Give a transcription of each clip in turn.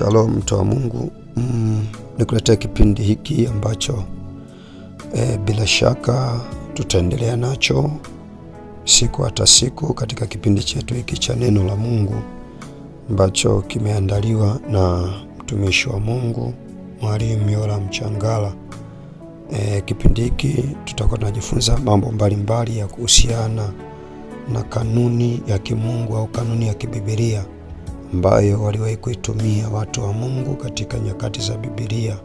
Shalom mtu wa Mungu, mm, nikuletea kipindi hiki ambacho e, bila shaka tutaendelea nacho siku hata siku katika kipindi chetu hiki cha neno la Mungu ambacho kimeandaliwa na mtumishi wa Mungu Mwalimu Yola Mchangala. E, kipindi hiki tutakuwa tunajifunza mambo mbalimbali ya kuhusiana na kanuni ya kimungu au kanuni ya kibibilia ambayo waliwahi kuitumia watu wa Mungu katika nyakati za Biblia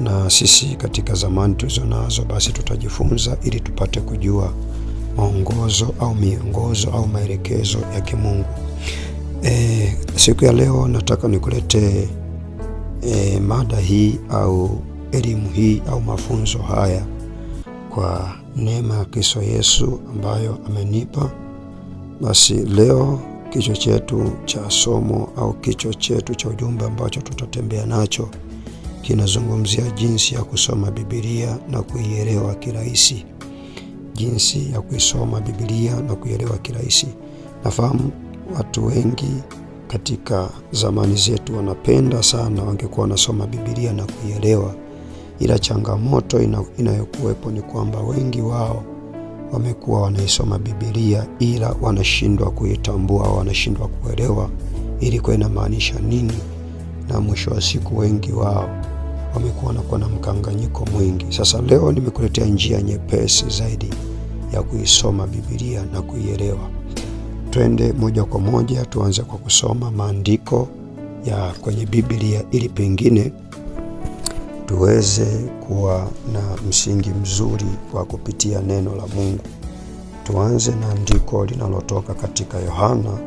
na sisi katika zamani tulizonazo, basi tutajifunza ili tupate kujua maongozo au miongozo au maelekezo ya kimungu. E, siku ya leo nataka nikuletee e, mada hii au elimu hii au mafunzo haya kwa neema ya Kristo Yesu ambayo amenipa. Basi leo kichwa chetu cha somo au kichwa chetu cha ujumbe ambacho tutatembea nacho kinazungumzia jinsi ya kusoma Biblia na kuielewa kirahisi. Jinsi ya kuisoma Biblia na kuielewa kirahisi. Nafahamu watu wengi katika zamani zetu wanapenda sana wangekuwa wanasoma Biblia na kuielewa, ila changamoto inayokuwepo ni kwamba wengi wao wamekuwa wanaisoma Bibilia ila wanashindwa kuitambua, wanashindwa kuelewa ilikuwa inamaanisha nini, na mwisho wa siku wengi wao wamekuwa wanakuwa na mkanganyiko mwingi. Sasa leo nimekuletea njia nyepesi zaidi ya kuisoma Bibilia na kuielewa. Twende moja kwa moja, tuanze kwa kusoma maandiko ya kwenye Bibilia ili pengine tuweze kuwa na msingi mzuri wa kupitia neno la Mungu. Tuanze na andiko linalotoka katika Yohana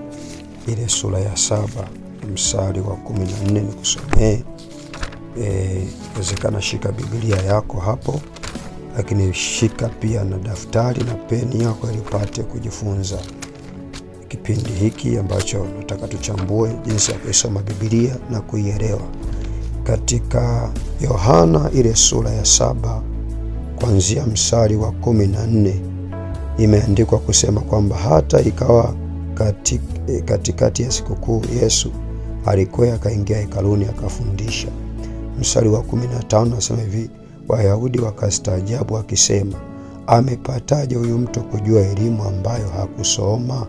ile sura ya saba mstari wa kumi na nne nikusomee. E, Wezekana shika Biblia yako hapo, lakini shika pia na daftari na peni yako ili upate kujifunza kipindi hiki ambacho nataka tuchambue jinsi ya kuisoma Biblia na kuielewa katika Yohana ile sura ya saba kuanzia mstari wa kumi na nne imeandikwa kusema kwamba hata ikawa katikati katika ya sikukuu Yesu alikwea akaingia hekaluni akafundisha. Mstari wa 15 nasema hivi, Wayahudi wakastaajabu akisema, amepataje huyu mtu kujua elimu ambayo hakusoma?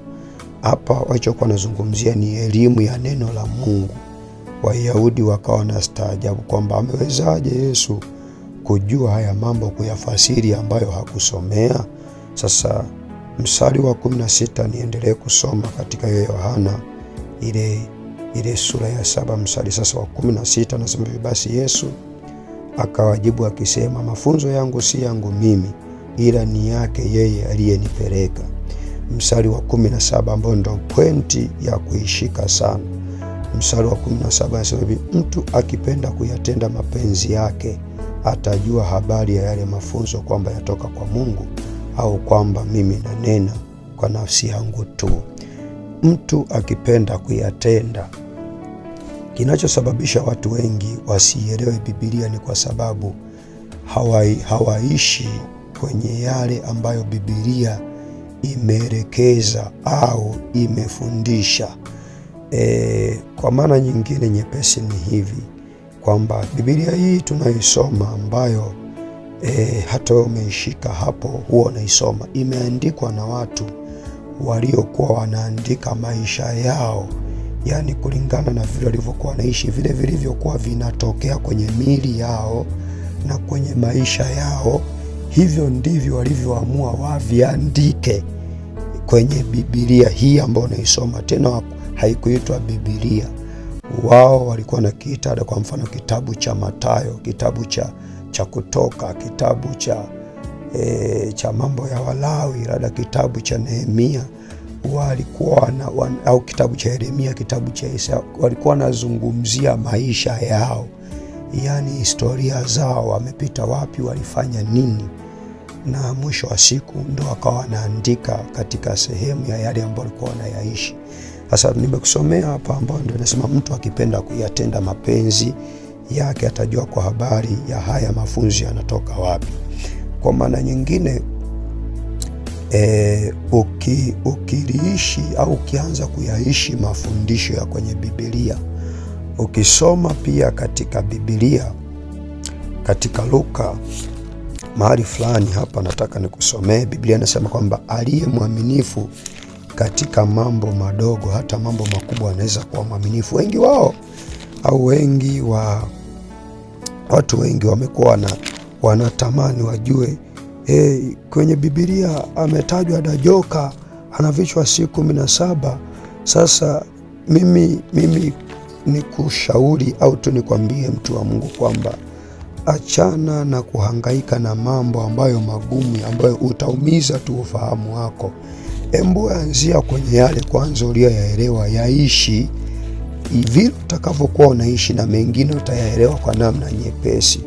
Hapa walichokuwa wanazungumzia ni elimu ya neno la Mungu. Wayahudi wakawa na staajabu kwamba amewezaje Yesu kujua haya mambo, kuyafasiri ambayo hakusomea. Sasa mstari wa 16 niendelee kusoma katika hiyo Yohana ile ile sura ya saba mstari sasa wa 16, nasema hivi: basi Yesu akawajibu akisema, mafunzo yangu si yangu mimi, ila ni yake yeye aliyenipeleka. Mstari wa 17 ambao ndio pointi ya kuishika sana mstari wa 17 anasema hivi, mtu akipenda kuyatenda mapenzi yake atajua habari ya yale mafunzo kwamba yatoka kwa Mungu au kwamba mimi nanena kwa nafsi yangu tu. Mtu akipenda kuyatenda. Kinachosababisha watu wengi wasielewe Biblia ni kwa sababu hawai, hawaishi kwenye yale ambayo Biblia imeelekeza au imefundisha. E, kwa maana nyingine nyepesi ni hivi kwamba Biblia hii tunaisoma ambayo e, hata wewe umeishika hapo, huwa unaisoma, imeandikwa na watu waliokuwa wanaandika maisha yao, yaani kulingana na vile walivyokuwa wanaishi, vile vilivyokuwa vinatokea kwenye miili yao na kwenye maisha yao, hivyo ndivyo walivyoamua waviandike kwenye Biblia hii ambayo unaisoma tena haikuitwa Biblia. Wao walikuwa na kiitada, kwa mfano kitabu cha Mathayo, kitabu cha, cha Kutoka, kitabu cha, e, cha mambo ya Walawi, labda kitabu cha Nehemia walikuwa na, wan, au kitabu cha Yeremia, kitabu cha Isaya, walikuwa wanazungumzia maisha yao, yaani historia zao, wamepita wapi, walifanya nini, na mwisho wa siku ndo wakawa wanaandika katika sehemu ya yale ambayo walikuwa wanayaishi. Sasa nimekusomea hapa ambayo ndio nasema mtu akipenda kuyatenda mapenzi yake atajua kwa habari ya haya mafunzo yanatoka wapi. Kwa maana nyingine e, uki, ukiliishi au ukianza kuyaishi mafundisho ya kwenye Biblia, ukisoma pia katika Biblia katika Luka mahali fulani hapa nataka nikusomee. Biblia inasema kwamba aliye mwaminifu katika mambo madogo, hata mambo makubwa anaweza kuwa mwaminifu. Wengi wao au wengi wa watu wengi wamekuwa na wanatamani wajue hey, kwenye Biblia ametajwa dajoka ana vichwa si kumi na saba. Sasa mimi, mimi ni kushauri au tu nikwambie mtu wa Mungu kwamba achana na kuhangaika na mambo ambayo magumu ambayo utaumiza tu ufahamu wako. Embu anzia kwenye yale kwanza uliyoyaelewa, yaishi vile utakavyokuwa unaishi, na mengine utayaelewa kwa namna nyepesi,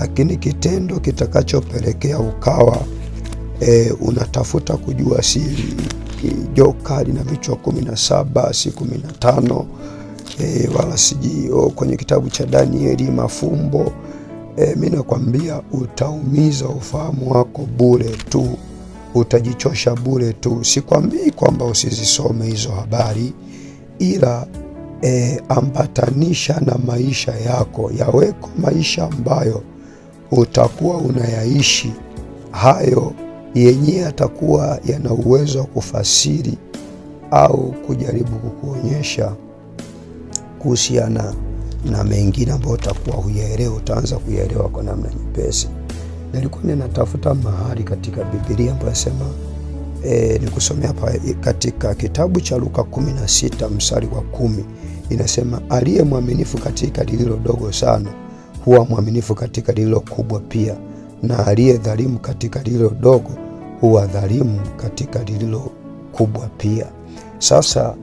lakini kitendo kitakachopelekea ukawa e, unatafuta kujua si eh, joka na vichwa kumi na saba si kumi na tano e, wala sijui oh, kwenye kitabu cha Danieli mafumbo e, mi nakwambia utaumiza ufahamu wako bure tu utajichosha bure tu. Sikwambii kwamba usizisome hizo habari, ila e, ambatanisha na maisha yako, yaweko maisha ambayo utakuwa unayaishi hayo yenyewe yatakuwa yana uwezo wa kufasiri au kujaribu kukuonyesha kuhusiana na mengine ambayo utakuwa huyaelewa, utaanza kuyaelewa kwa namna nyepesi nilikuwa ninatafuta mahali katika Biblia ambayo nasema e, eh, nikusomea hapa eh, katika kitabu cha Luka 16 mstari wa kumi inasema, aliye mwaminifu katika lililo dogo sana huwa mwaminifu katika lililo kubwa pia, na aliye dhalimu katika lililo dogo huwa dhalimu katika lililo kubwa pia. Sasa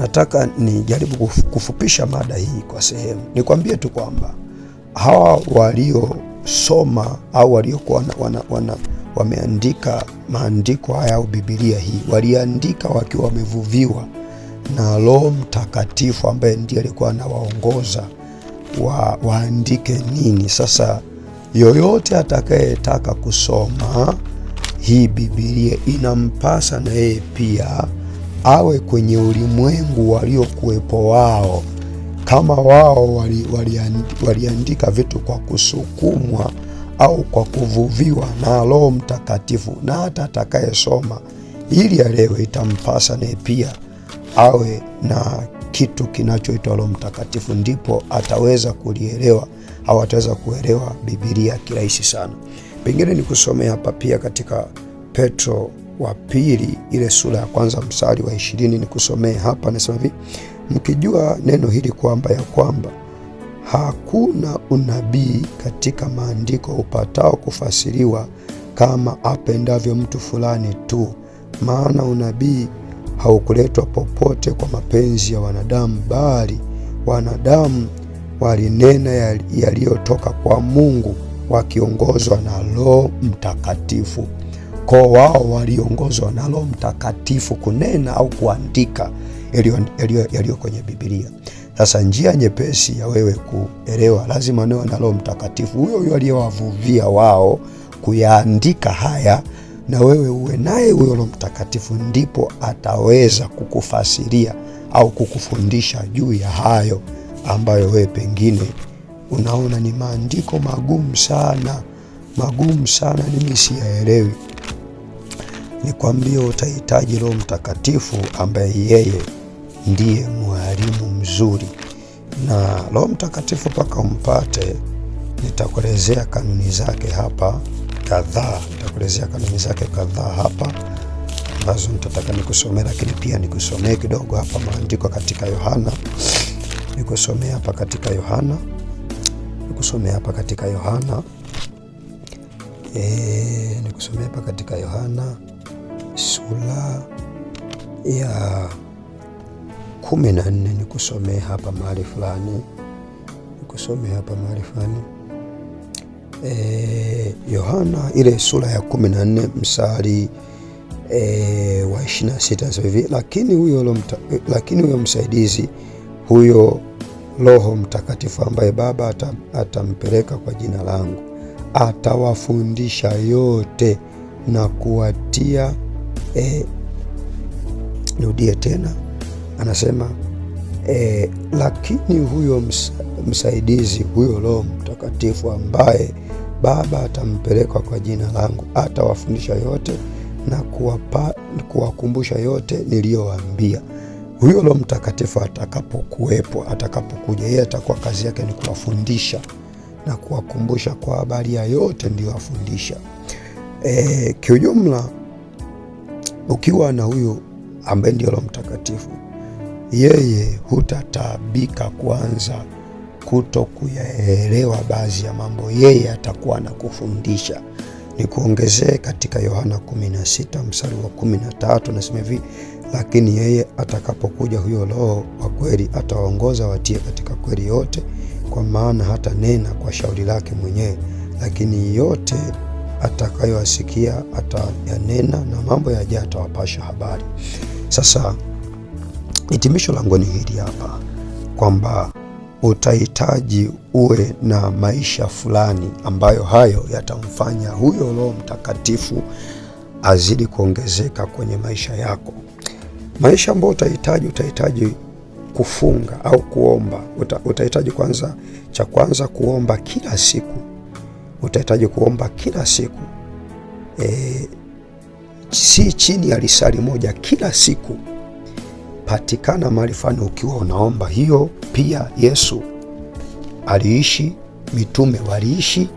nataka nijaribu kufupisha mada hii kwa sehemu, nikwambie tu kwamba hawa walio waliosoma au waliokuwa wana, wana, wana, wameandika maandiko haya au Biblia hii waliandika wakiwa wamevuviwa na Roho Mtakatifu ambaye ndiye alikuwa anawaongoza wa, waandike nini. Sasa yoyote atakayetaka kusoma hii Biblia inampasa na yeye pia awe kwenye ulimwengu waliokuwepo wao kama wao waliandika wali, wali vitu kwa kusukumwa au kwa kuvuviwa na Roho Mtakatifu, na hata atakayesoma ili alewe, itampasa naye pia awe na kitu kinachoitwa Roho Mtakatifu, ndipo ataweza kulielewa au ataweza kuelewa Bibilia kirahisi sana. Pengine nikusomea hapa pia katika Petro wa pili ile sura ya kwanza mstari wa ishirini, nikusomee hapa, nasema hivi mkijua neno hili kwamba ya kwamba hakuna unabii katika maandiko upatao kufasiriwa kama apendavyo mtu fulani tu, maana unabii haukuletwa popote kwa mapenzi ya wanadamu, bali wanadamu walinena yaliyotoka kwa Mungu wakiongozwa na Roho Mtakatifu. Kwa wao waliongozwa na Roho Mtakatifu kunena au kuandika yaliyo kwenye Biblia. Sasa njia nyepesi ya wewe kuelewa, lazima niwe na Roho Mtakatifu huyo huyo aliyewavuvia wao kuyaandika haya, na wewe uwe naye huyo Roho Mtakatifu, ndipo ataweza kukufasiria au kukufundisha juu ya hayo ambayo wewe pengine unaona ni maandiko magumu sana, magumu sana, mimi siyaelewi. Nikwambie, utahitaji Roho Mtakatifu ambaye yeye ndiye mwalimu mzuri, na Roho Mtakatifu mpaka umpate. Nitakuelezea kanuni zake hapa kadhaa, nitakuelezea kanuni zake kadhaa hapa ambazo nitataka nikusomee, lakini pia nikusomee kidogo hapa maandiko katika Yohana, nikusomee hapa katika Yohana, nikusomee hapa katika Yohana e, nikusomee hapa katika Yohana sura ya kumi na nne nikusomee hapa mahali fulani, nikusomee hapa mahali fulani e, Yohana e, ile sura ya kumi na nne msari e, wa ishirini na sita nasema hivi, lakini huyo, lakini huyo msaidizi huyo Roho Mtakatifu ambaye Baba atampeleka atampeleka kwa jina langu atawafundisha yote na kuwatia e, nirudie tena anasema e, lakini huyo msa, msaidizi huyo Roho Mtakatifu ambaye Baba atampeleka kwa jina langu atawafundisha yote na kuwapa, kuwakumbusha yote niliyowaambia. Huyo Roho Mtakatifu atakapokuwepo, atakapokuja, yeye atakuwa kazi yake ni kuwafundisha na kuwakumbusha kwa habari ya yote ndiyowafundisha E, kiujumla ukiwa na huyu ambaye ndio Roho Mtakatifu yeye hutatabika kwanza kuto kuyaelewa baadhi ya mambo, yeye atakuwa na ni Nikuongezee katika Yohana 16 mstari wa 13, nasema hivi: lakini yeye atakapokuja huyo Roho wa kweli, atawaongoza watie katika kweli yote, kwa maana hata nena kwa shauri lake mwenyewe, lakini yote atakayoasikia atayanena, na mambo yajayo atawapasha habari. Sasa Hitimisho langu ni hili hapa kwamba utahitaji uwe na maisha fulani ambayo hayo yatamfanya huyo Roho Mtakatifu azidi kuongezeka kwenye maisha yako. Maisha ambayo utahitaji, utahitaji kufunga au kuomba. Uta, utahitaji kwanza, cha kwanza kuomba kila siku, utahitaji kuomba kila siku e, si chini ya lisali moja kila siku patikana mahali fulani ukiwa unaomba. Hiyo pia Yesu aliishi, mitume waliishi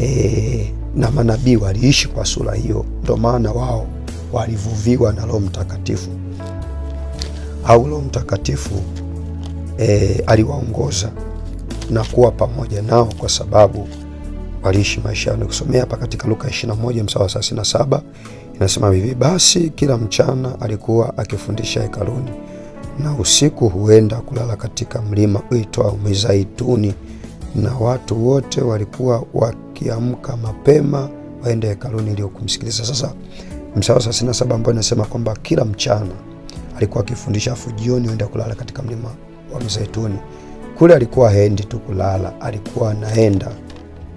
e, na manabii waliishi kwa sura hiyo. Ndio maana wao walivuviwa na Roho Mtakatifu au Roho Mtakatifu e, aliwaongoza na kuwa pamoja nao kwa sababu waliishi maisha yao. Nikusomea hapa katika Luka 21 mstari wa 37 Inasema hivi: basi kila mchana alikuwa akifundisha hekaluni, na usiku huenda kulala katika mlima uitwao Mizaituni, na watu wote walikuwa wakiamka mapema waende hekaluni ili kumsikiliza. Sasa mstari wa saba ambao inasema kwamba kila mchana alikuwa akifundisha, afu jioni kulala katika mlima wa Mizaituni. Kule alikuwa haendi tu kulala, alikuwa anaenda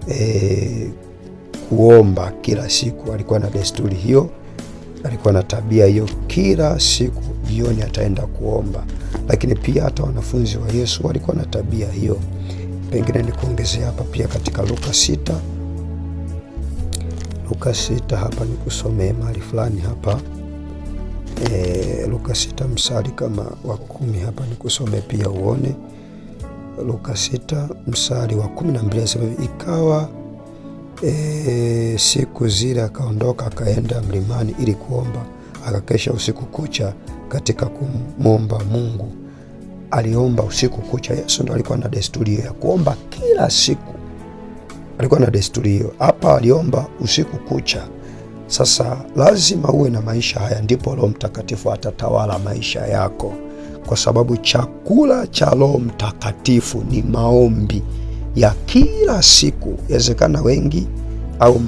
e, kuomba kila siku. Alikuwa na desturi hiyo, alikuwa na tabia hiyo, kila siku jioni ataenda kuomba. Lakini pia hata wanafunzi wa Yesu walikuwa na tabia hiyo. Pengine ni kuongezea hapa pia katika Luka sita Luka sita hapa kusome mahali fulani hapa e, Luka sita msari kama wa kumi hapa ni kusome pia uone Luka sita msari wa kumi na mbili ikawa E, siku zile akaondoka akaenda mlimani ili kuomba, akakesha usiku kucha katika kumwomba Mungu. Aliomba usiku kucha. Yesu ndo alikuwa na desturi ya kuomba kila siku, alikuwa na desturi hiyo. Hapa aliomba usiku kucha. Sasa lazima uwe na maisha haya, ndipo Roho Mtakatifu atatawala maisha yako, kwa sababu chakula cha Roho Mtakatifu ni maombi ya kila siku. Yawezekana wengi au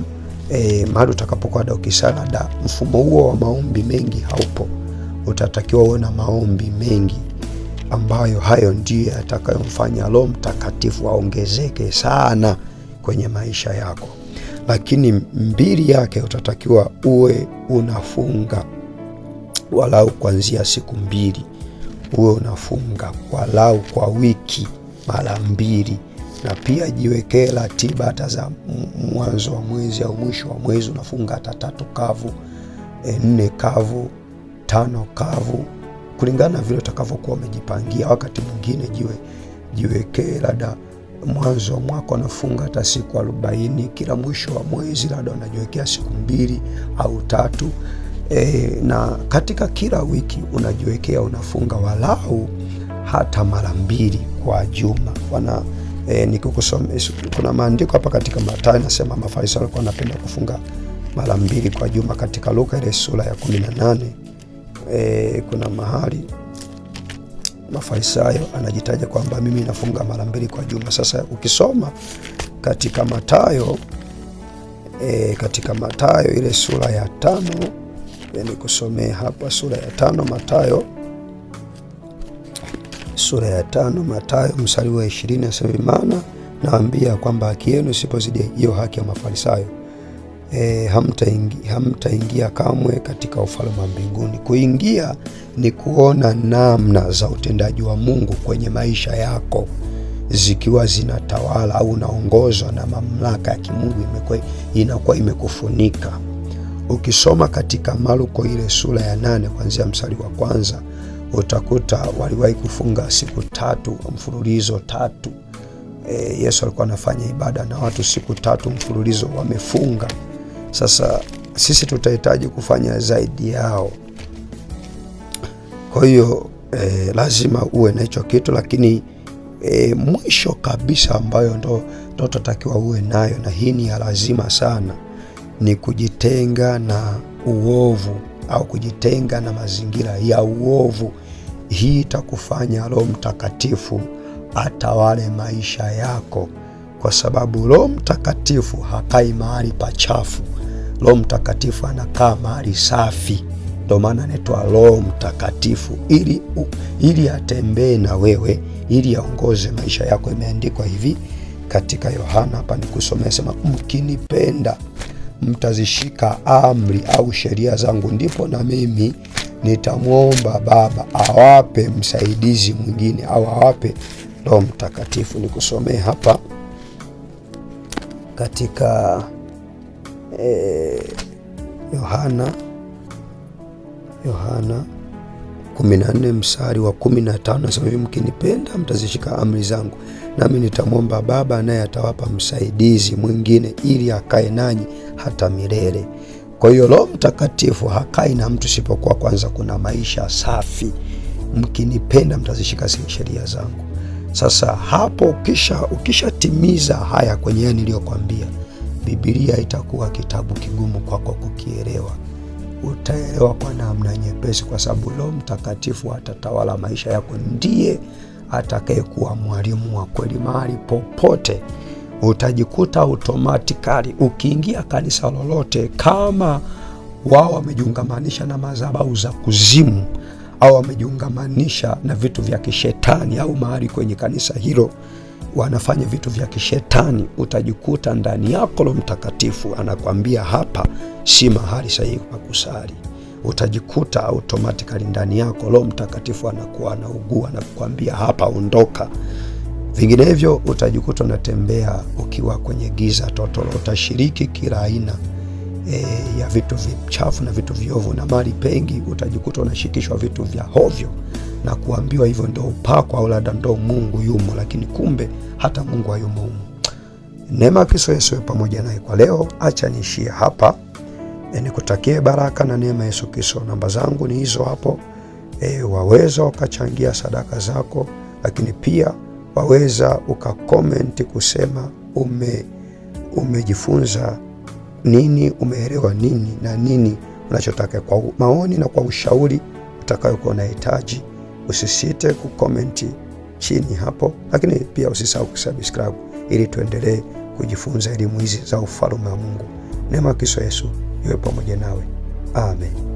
e, mahali utakapokwenda ukisala da, mfumo huo wa maombi mengi haupo. Utatakiwa uwe na maombi mengi ambayo hayo ndiyo yatakayomfanya Roho Mtakatifu aongezeke sana kwenye maisha yako. Lakini mbili yake utatakiwa uwe unafunga walau kuanzia siku mbili, uwe unafunga walau kwa wiki mara mbili na pia jiwekee ratiba hata za mwanzo wa mwezi au mwisho wa mwezi, unafunga hata tatu kavu, e, nne kavu, tano kavu, kulingana na vile utakavyokuwa umejipangia. Wakati mwingine jiwe jiwekee labda mwanzo wa mwaka unafunga hata siku arobaini, kila mwisho wa mwezi labda unajiwekea siku mbili au tatu. E, na katika kila wiki unajiwekea unafunga walau hata mara mbili kwa juma wana E, nikikusoma kuna maandiko hapa katika Mathayo nasema Mafarisayo walikuwa wanapenda kufunga mara mbili kwa juma. Katika Luka ile sura ya 18 e, kuna mahali Mafarisayo anajitaja kwamba mimi nafunga mara mbili kwa juma. Sasa ukisoma katika Mathayo e, katika Mathayo ile sura ya tano, e, nikusomee hapa sura ya tano Mathayo sura ya tano Mathayo mstari wa ishirini asema maana naambia kwamba haki yenu isipozidi hiyo haki ya Mafarisayo e, hamtaingia hamtaingia kamwe katika ufalme wa mbinguni. Kuingia ni kuona namna za utendaji wa Mungu kwenye maisha yako zikiwa zinatawala au unaongozwa na mamlaka ya kimungu imekuwa inakuwa imekufunika. Ukisoma katika Maluko ile sura ya nane kuanzia mstari wa kwanza utakuta waliwahi kufunga siku tatu mfululizo tatu. E, Yesu alikuwa anafanya ibada na watu siku tatu mfululizo wamefunga. Sasa sisi tutahitaji kufanya zaidi yao. Kwa hiyo e, lazima uwe na hicho kitu, lakini e, mwisho kabisa ambayo ndo tutatakiwa uwe nayo, na hii ni ya lazima sana, ni kujitenga na uovu au kujitenga na mazingira ya uovu. Hii itakufanya Roho Mtakatifu atawale maisha yako, kwa sababu Roho Mtakatifu hakai mahali pachafu. Roho Mtakatifu anakaa mahali safi, ndo maana anaitwa Roho Mtakatifu ili, ili atembee na wewe, ili aongoze maisha yako. Imeandikwa hivi katika Yohana, hapa nikusomea, sema mkinipenda mtazishika amri au sheria zangu, ndipo na mimi nitamwomba Baba awape msaidizi mwingine au awape Roho Mtakatifu. Nikusomee hapa katika Yohana eh, Yohana 14 msari wa 15 nasema, hivi, mkinipenda mtazishika amri zangu, nami nitamwomba Baba naye atawapa msaidizi mwingine ili akae nanyi hata milele. Kwa hiyo Roho Mtakatifu hakai na mtu isipokuwa kwanza kuna maisha safi. Mkinipenda mtazishika sheria zangu. Sasa hapo kisha ukishatimiza haya kwenye yeye niliyokwambia, Biblia itakuwa kitabu kigumu kwako kukielewa, utaelewa kwa namna nyepesi, kwa sababu Roho Mtakatifu atatawala maisha yako, ndiye atakayekuwa mwalimu wa kweli mahali popote utajikuta automatikali ukiingia kanisa lolote, kama wao wamejiungamanisha na madhabahu za kuzimu au wamejiungamanisha na vitu vya kishetani au mahali kwenye kanisa hilo wanafanya vitu vya kishetani, utajikuta ndani yako Roho Mtakatifu anakwambia hapa si mahali sahihi pa kusali. Utajikuta automatikali ndani yako Roho Mtakatifu anakuwa anaugua na kukwambia hapa, ondoka. Vinginevyo utajikuta unatembea ukiwa kwenye giza totolo, utashiriki kila aina e, ya vitu vichafu na vitu viovu, na mali pengi utajikuta unashikishwa vitu vya hovyo na kuambiwa hivyo ndo upako au labda ndo Mungu yumo, lakini kumbe hata Mungu hayumo humo. Neema Kristo Yesu pamoja naye. Kwa leo acha niishie hapa. E, nikutakie baraka na neema Yesu Kristo. Namba zangu ni hizo hapo. E, waweza ukachangia sadaka zako, lakini pia waweza ukakomenti kusema ume, umejifunza nini, umeelewa nini na nini unachotaka kwa maoni na kwa ushauri utakayokuwa unahitaji. Usisite kukomenti chini hapo, lakini pia usisahau kusubscribe ili tuendelee kujifunza elimu hizi za ufalme wa Mungu. Neema ya Kristo Yesu iwe pamoja nawe. Amen.